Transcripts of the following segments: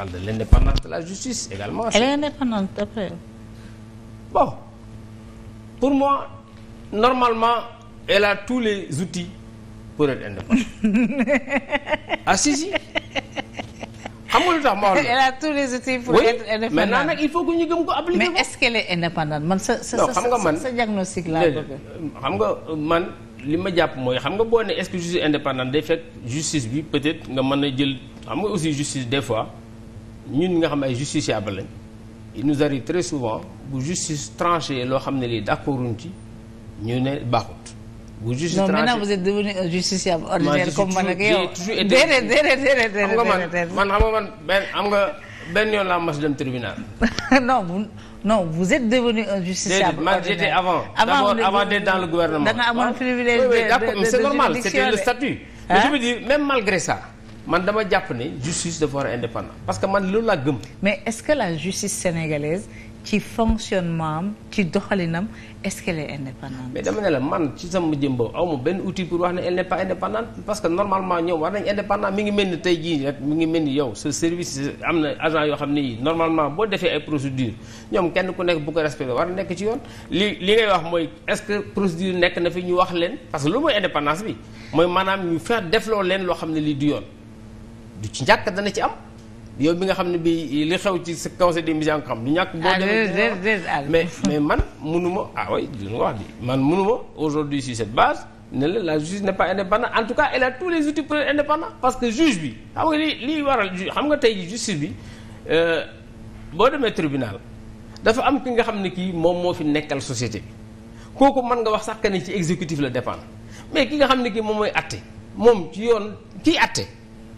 parle de l'indépendance la justice également. Elle est indépendante après. Bon, pour moi, normalement, elle a tous les outils pour être indépendante. ah si si. xam nga lu tax ma wax la. tous les outils pour oui, indépendante gëm ko appliquer ko. mais man sa sa sa sa diagnostic laa bëgg. xam nga man li ma jàpp mooy xam nga boo ne est-ce que je indépendante day fekk justice bi peut-être nga mën na jël xam nga aussi justice des fois. ñun nga xam ay justiciable lañ il nous arrive très souvent bu justice tranché loo xam ne lii d'accorduñ ci ñu ne baaxut. bu justice tranché non maintenant vous êtes justiciable ordinaire comme man ak nga man xam nga man benn yoon la mas dem tribunal. non bu non vous êtes devenu un justiciable ordinaire déedéet man j'étais avant. avant d'abord dans le gouvernement. da amoon privilège de de de c'est normal c'était le statut. je veux dire même malgré ça. man dama jàpp ne justice dafa war a indépendant parce que man loolu laa gëm. mais est que la justice sénégalaise ci fonctionnement am ci doxalinam est-ce qu'elle est indépendante. mais dama ne la man ci sama jëm boobu aw ma benn outil pour wax ne elle n'est parce que normalement ñoom war nañ indépendant mi ngi mel ni tey jii rek mi ngi mel ni yow sa service am na agent yoo xam ne yii normalement boo defee ay procédure ñoom kenn ku nekk bu ko respecté war a nekk ci yoon li li wax mooy est-ce que procédure nekk na fi ñu wax leen parce que lu mooy indépendance bi mooy maanaam ñu fexe leen loo xam ne lii du du ci ñàkk dana ci am yow bi nga xam ne bi li xew ci sa conseil des musées nga xam du ñàkk. boo demee mais mais man munuma ah oui li wax di man munuma aujourd'hui sur cette base ne la la justice n'est pas indépendante en tout cas elle a tous les outils pour être indépendante parce que juge bi xam nga li liy waral xam nga tey justice bi euh, boo demee tribunal dafa am ki nga xam ne kii moom moo fi nekkal société bi kooku mën nga wax sax que ci exécutif la dépendre mais ki nga xam ne kii moom mooy atte moom ci yoon kii atte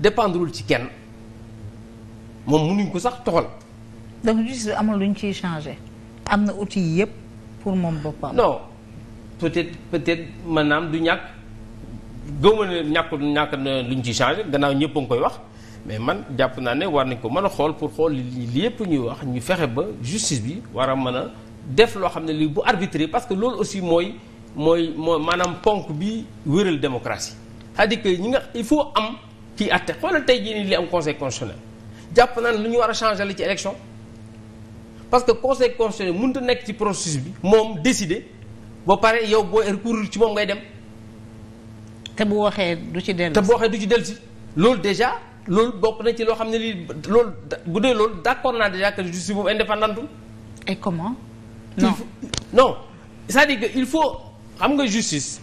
dépendrewul ci kenn moom nuñ ko sax toxal. donc justice amul luñ ciy changé. am na outil yëpp pour moom boppam. non peut-être peut-être maanaam du ñàkk gëw ma ñàkk ñàkk lu luñ ciy changé gannaaw ñëpp a ngi koy wax mais man jàpp naa ne war nañ ko mën a xool pour xool li yëpp ñuy wax ñu fexe ba justice bi war a mën a def loo xam ne lii bu arbitré parce que loolu aussi mooy mooy mooy maanaam ponk bi wéral démocratie c'est-à-dire ñi nga il faut am. kii atte xoolal tey jii nii li am conseil constitutionnel jàpp naa lu ñu war a changer la ci élection parce que conseil constitutionnel mënut a nekk ci processus bi moom décider ba pare yow boo recourir er ci moom ngay dem. te bu waxee du ci dellu te bu waxee du dellu si loolu déjà loolu bokk na ci loo xam ne lii loolu bu dee loolu d'accord naa déjà que justice boobu indépendante et comment. non non dire que il faut xam nga justice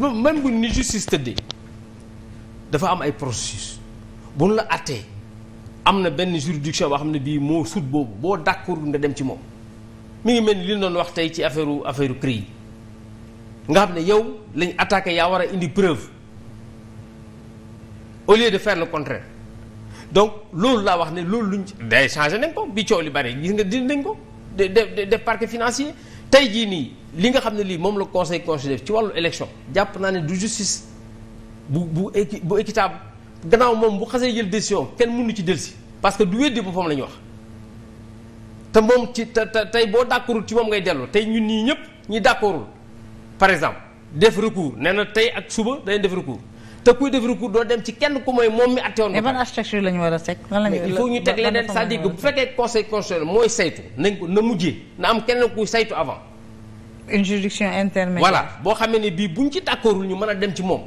même bu ni justice tëddee. dafa am ay processus bu ñu la attee am na benn juridiction boo xam ne bii moo sut boobu boo d'accord nga dem ci moom mi ngi mel ni li ñu doon wax tey ci affaire affaire CREI yi nga xam ne yow lañ attaqué yaa war indi preuve au lieu de faire le donc loolu laa wax ne loolu luñ day changé nañ ko bi coow li bari gis nga dindi nañ ko de de de parquet financier tey jii nii li nga xam ne lii moom la conseil constitutionnel ci wàllu élection jàpp naa ne du justice bu bu bu équitable gannaaw moom bu xasee jël décision kenn mënu ci delsi parce que du weddi boppam la ñu wax te moom ci te tey boo d'accordul ci moom ngay dellu tey ñun nii ñëpp ñi d'accordul par exemple def recours nee na tey ak suba dañuy def recours te kuy def recours doo dem ci kenn ku mooy moom mi àtte woon. ban architecture lañu war a teg lan lañu ñu teg leneen c'est-à-dire que bu fekkee conseil constitutionnel mooy saytu nañ ko na mujjee na am kenn kuy saytu avant. une juridiction intermédiaire. voilà boo xamee ne bii buñ ci d'accordul ñu mën a dem ci moom.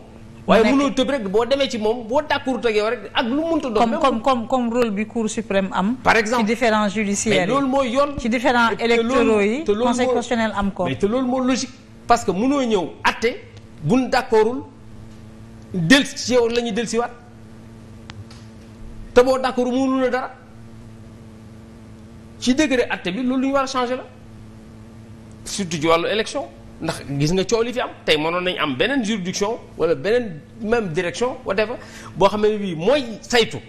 waaye mënoo tëb rek boo demee ci moom boo d'accord ak yow rek ak lu mënta doon. comme comme comme comme rôle bi cour suprême am. par exemple ci différents judiciaires yi loolu mooy yoon. ci différents électoraux yi conseil am ko. mais loolu moo logique. parce que mënoo ñëw àtte buñ d'accordul del ci yow la ñuy del te boo d'accord mënu la dara ci degré àtte bi loolu lu ñu war a changer la surtout ci wàllu élection. ndax gis nga coow li fi am tey mënoon nañu am beneen juridiction wala beneen même direction whatever boo xam ne bii mooy saytu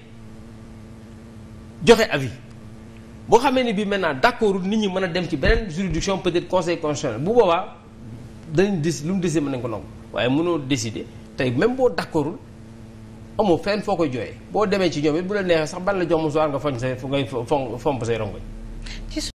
joxe avis boo xamee ne bii maintenant d'accord nit ñi mën a dem ci beneen juridiction peut-être conseil bu boobaa danañ dis lu mu décider mën nañ ko nangu waaye munoo décider tey même boo d'accordul amoo fenn foo koy jooyee boo demee ci ñoom it bu la neexee sax ban la jox musuwaar nga foñ say ngay fomp say rongoñ